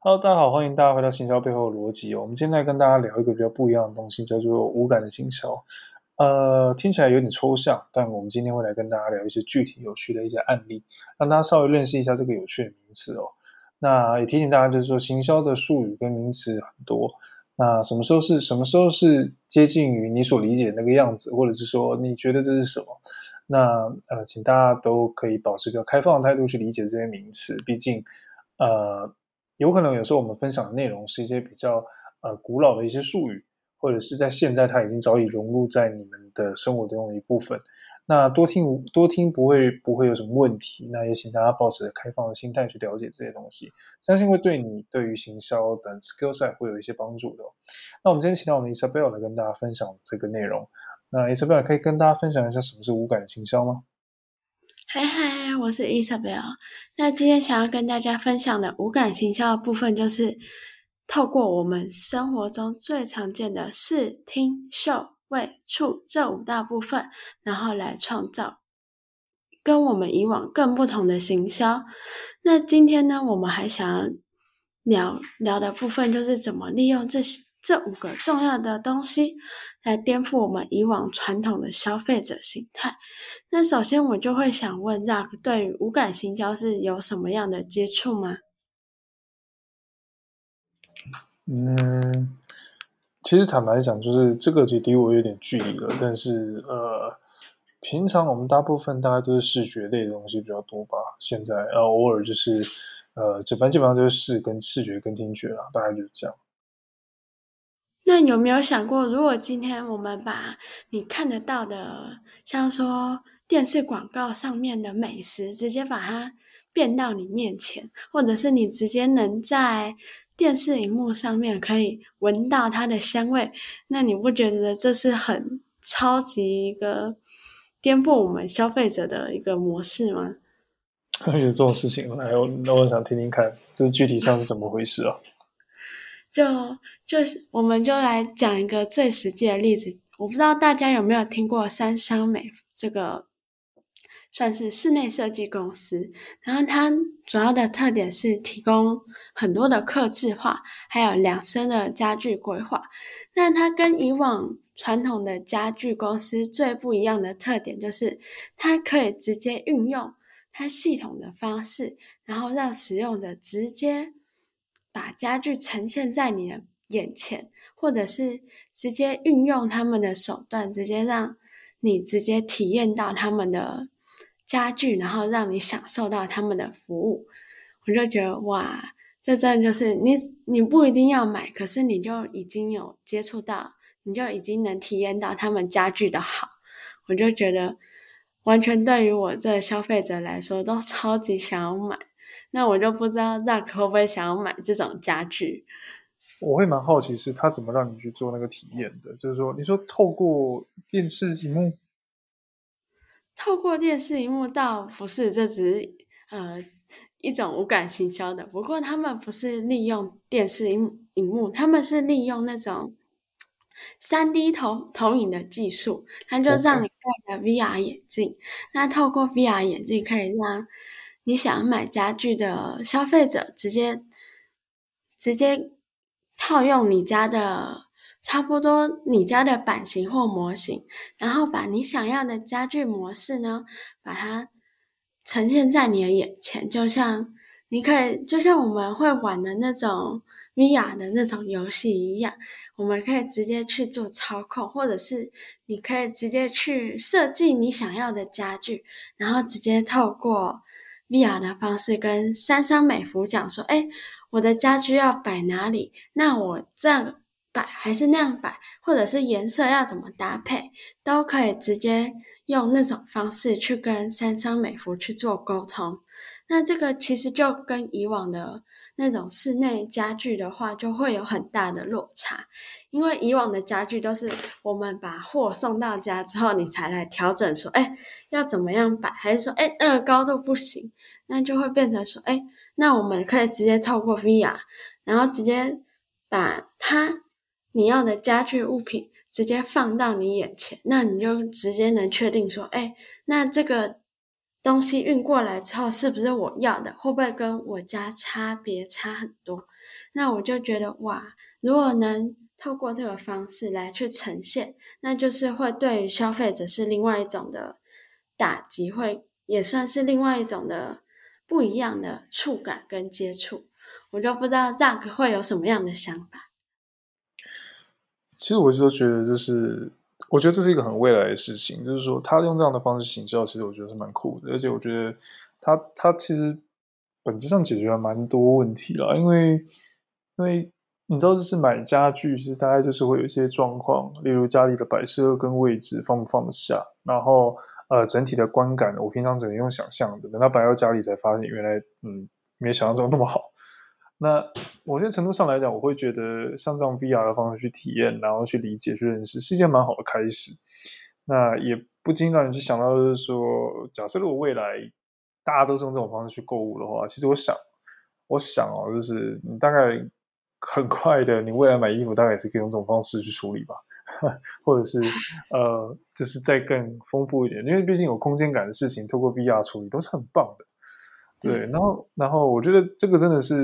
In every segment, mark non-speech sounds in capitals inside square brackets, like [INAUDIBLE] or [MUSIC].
Hello，大家好，歡迎大家回到行銷背後的邏輯哦。我們今天來跟大家聊一個比較不一樣的東西，叫做無感的行銷。呃，聽起來有點抽象，但我們今天會來跟大家聊一些具體、有趣的一些案例，讓大家稍微認識一下這個有趣的名詞哦。那也提醒大家，就是說行銷的術語跟名詞很多，那什麼時候是、什麼時候是接近於你所理解的那個樣子，或者是說你覺得這是什麼？那呃，請大家都可以保持一個開放的態度去理解這些名詞，畢竟呃。有可能有時候我們分享的內容是一些比較呃，古老的一些術語，或者是在現在它已經早已融入在你們的生活當中的一部分。那多聽多聽不會不會有什麼問題，那也請大家抱持着開放的心態去了解這些東西，相信會對你對於行銷的 skill set 會有一些幫助的哦。那我們今天請到我們 Isabel 來跟大家分享這個內容。那 Isabel 可以跟大家分享一下什麼是無感行銷嗎？嗨嗨，我是 Isabel。那今天想要跟大家分享的五感行銷的部分，就是透過我們生活中最常見的視聽嗅味觸這五大部分，然後來創造跟我們以往更不同的行銷。那今天呢，我們還想要聊聊的部分，就是怎麼利用這些這五個重要的東西。來顛覆我們以往傳統的消費者形態。那首先我就會想問 Rock，對於無感行銷是有什麼樣的接觸嗎？嗯，其實坦白講，就是這個就離我有點距離了。但是呃，平常我們大部分大家都是視覺類的東西比較多吧。現在，呃，偶爾就是呃，反正基本上就是視跟視覺跟聽覺啦，大概就是這樣。那有沒有想過，如果今天我們把你看得到的，像說電視廣告上面的美食，直接把它變到你面前，或者是你直接能在電視螢幕上面可以聞到它的香味，那你不覺得這是很超級一個顛覆我們消費者的一個模式嗎？有這種事情？那我那我想聽聽看，這具體上是怎麼回事啊？ [LAUGHS] 就就是，我們就來講一個最實際的例子。我不知道大家有沒有聽過“三商美”這個，算是室內設計公司。然後它主要的特點是提供很多的客製化，還有兩升的家具規劃。但它跟以往傳統的家具公司最不一樣的特點就是，它可以直接運用它系統的方式，然後讓使用者直接。把家具呈現在你的眼前，或者是直接運用他們的手段，直接讓你直接體驗到他們的家具，然後讓你享受到他們的服務。我就覺得哇，這真的就是你你不一定要買，可是你就已經有接觸到，你就已經能體驗到他們家具的好。我就覺得完全對於我這消費者來說，都超級想要買。那我就不知道那可不可以想要買這種家具。我會蠻好奇是他怎麼讓你去做那個體驗的，就是說，你說透過電視熒幕，透過電視熒幕倒不是，這只呃一種無感行銷的。不過他們不是利用電視熒幕，他們是利用那種三 D 投投影的技術，他就讓你戴的 VR 眼鏡，okay. 那透過 VR 眼鏡可以讓。你想買家具的消費者，直接直接套用你家的差不多你家的版型或模型，然後把你想要的家具模式呢，把它呈現在你的眼前，就像你可以就像我們會玩的那種米 a 的那種遊戲一樣，我們可以直接去做操控，或者是你可以直接去設計你想要的家具，然後直接透過。VR 的方式跟三商美福講說，誒，我的家具要擺哪裡？那我這樣擺還是那樣擺，或者是顏色要怎麼搭配，都可以直接用那種方式去跟三商美福去做溝通。那這個其實就跟以往的那種室內家具的話，就會有很大的落差。因為以往的家具都是我們把貨送到家之後，你才來調整說，哎，要怎麼樣擺，還是說，哎，那個高度不行，那就會變成說，哎，那我們可以直接透過 VR，然後直接把它你要的家具物品直接放到你眼前，那你就直接能確定說，哎，那這個東西運過來之後是不是我要的，會不會跟我家差別差很多？那我就覺得哇，如果能。透過這個方式來去呈現，那就是會對於消費者是另外一種的打擊，會也算是另外一種的不一樣的觸感跟接觸。我就不知道這樣 k 會有什麼樣的想法。其實我就覺得，就是我覺得這是一個很未來的事情，就是說他用這樣的方式行銷，其實我覺得是蠻酷的，而且我覺得他他其實本質上解決了蠻多問題啦，因為因為。你知道，就是買家具，其實大概就是會有一些狀況，例如家裡的擺設跟位置放不放得下，然後呃，整體的觀感，我平常只能用想象的，等到擺到家裡才發現，原來嗯，沒想象中那麼好。那某些程度上來講，我會覺得像這種 VR 的方式去體驗，然後去理解、去認識，是一件蠻好的開始。那也不禁讓人去想到，就是說，假設如果未來大家都是用這種方式去購物的話，其實我想，我想哦，就是你大概。很快的，你未來買衣服大概也是可以用這種方式去處理吧， [LAUGHS] 或者是呃，就是再更豐富一點，因為畢竟有空間感的事情，透過 VR 處理都是很棒的。對，然後然後我覺得這個真的是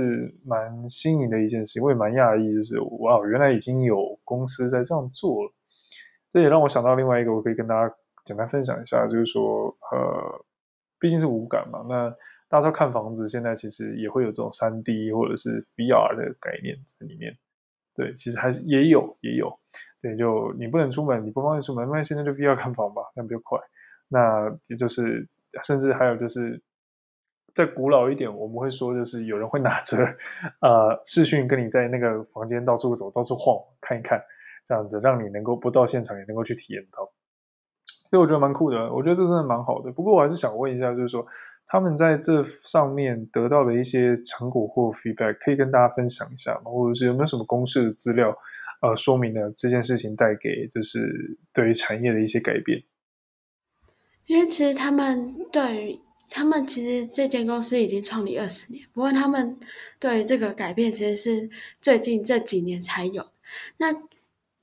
蠻新穎的一件事情，我也蠻訝異，就是哇，原來已經有公司在這樣做了。這也讓我想到另外一個，我可以跟大家簡單分享一下，就是說呃，畢竟是無感嘛，那。大家看房子，現在其實也會有這種 3D 或者是 VR 的概念在裡面。對，其實還是也有也有。對，就你不能出門，你不方便出門，那現在就 VR 看房吧，那比較快。那也就是，甚至還有就是再古老一點，我們會說就是有人會拿着呃視訊跟你在那個房間到處走，到處晃，看一看，這樣子讓你能夠不到現場也能夠去體驗到。所以我覺得蠻酷的，我覺得這真的蠻好的。不過我還是想問一下，就是說。他們在這上面得到的一些成果或 feedback，可以跟大家分享一下嗎？或者是有沒有什麼公司的資料，呃，說明了這件事情帶給就是對於產業的一些改變？因為其實他們對於他們其實這間公司已經創立二十年，不過他們對於這個改變其實是最近這幾年才有。那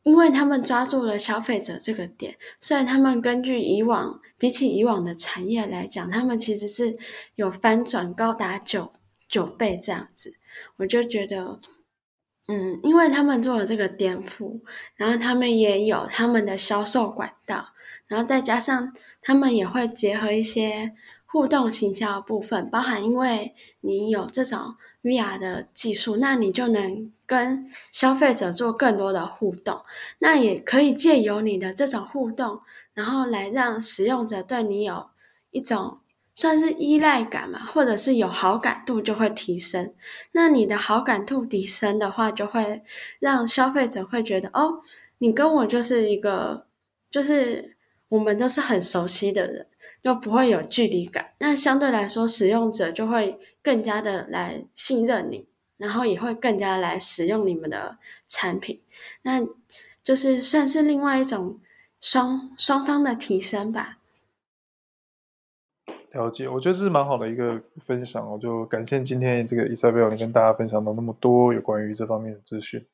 因為他們抓住了消費者這個點，雖然他們根據以往比起以往的產業來講，他們其實是有翻轉高達九九倍這樣子，我就覺得，嗯，因為他們做了這個顛覆，然後他們也有他們的銷售管道，然後再加上他們也會結合一些互動形象的部分，包含因為你有這種。VR 的技術，那你就能跟消費者做更多的互動，那也可以借由你的這種互動，然後來讓使用者對你有一種算是依賴感嘛，或者是有好感度就會提升。那你的好感度提升的話，就會讓消費者會覺得哦，你跟我就是一個，就是我們都是很熟悉的人，又不會有距離感。那相對來說，使用者就會。更加的來信任你，然後也會更加來使用你們的產品，那就是算是另外一種雙雙方的提升吧。了解，我覺得是蠻好的一個分享，我就感謝今天這個伊莎貝爾，你跟大家分享到那麼多有關於這方面的資訊。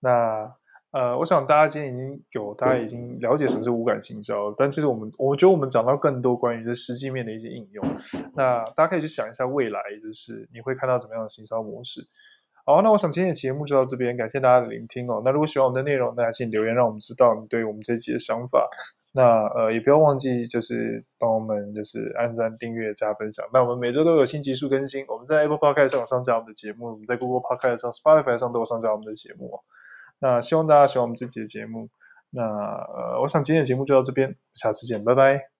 那。呃，我想大家今天已經有，大家已經了解什麼是無感行銷，但其實我們，我覺得我們講到更多關於這實際面的一些應用，那大家可以去想一下未來，就是你會看到怎麼樣的行銷模式。好啊，那我想今天的節目就到這邊，感謝大家的聆聽哦。那如果喜歡我們的內容，大家請留言讓我們知道你對我們這集的想法。那呃，也不要忘記就是幫我們就是按讚、訂閱、加分享。那我們每周都有新集數更新，我們在 Apple Podcast 上有上架我們的節目，我們在 Google Podcast 上、Spotify 上都有上架我們的節目。那希望大家喜歡我們這集的節目。那，呃，我想今天的節目就到這邊，下次見，拜拜。